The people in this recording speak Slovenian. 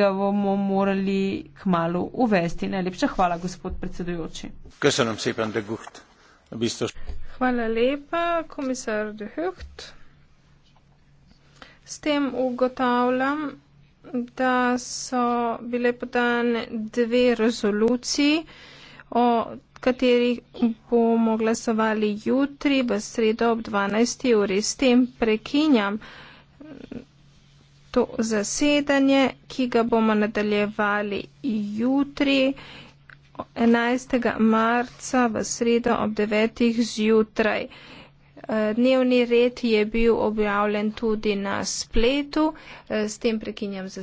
ga bomo morali k malu uvesti. Najlepša hvala, gospod predsedujoči. Hvala lepa, komisar De Hucht. S tem ugotavljam, da so bile podane dve rezoluciji, o katerih bomo glasovali jutri v sredo ob 12. uri. S tem prekinjam to zasedanje, ki ga bomo nadaljevali jutri, 11. marca v sredo ob 9. zjutraj. Eh, dnevni red je bil objavljen tudi na spletu, eh, s tem prekinjam zasedanje.